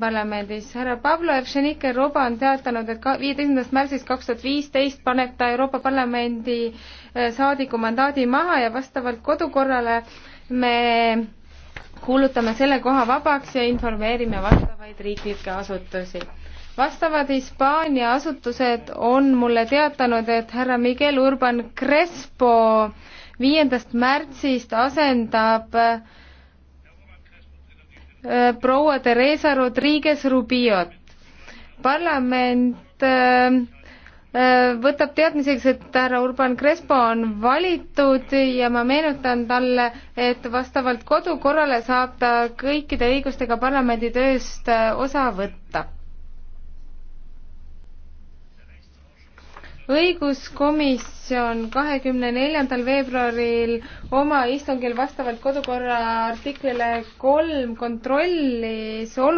parlamendis härra Pavlov Šenike-Roba on teatanud, et viieteistkümnendast märtsist kaks tuhat viisteist paneb ta Euroopa Parlamendi eh, saadiku mandaadi maha ja vastavalt kodukorrale me kuulutame selle koha vabaks ja informeerime vastavaid riiklikke asutusi. vastavad Hispaania asutused on mulle teatanud, et härra Miguel Urban Crespo viiendast märtsist asendab äh, Äh, proua Theresa Rodriguez Rubiot. parlament äh, äh, võtab teadmiseks, et härra Urban Crespo on valitud ja ma meenutan talle, et vastavalt kodukorrale saab ta kõikide õigustega parlamendi tööst osa võtta õiguskomisjon kahekümne neljandal veebruaril oma istungil vastavalt kodukorra artiklile kolm kontrollis olu-.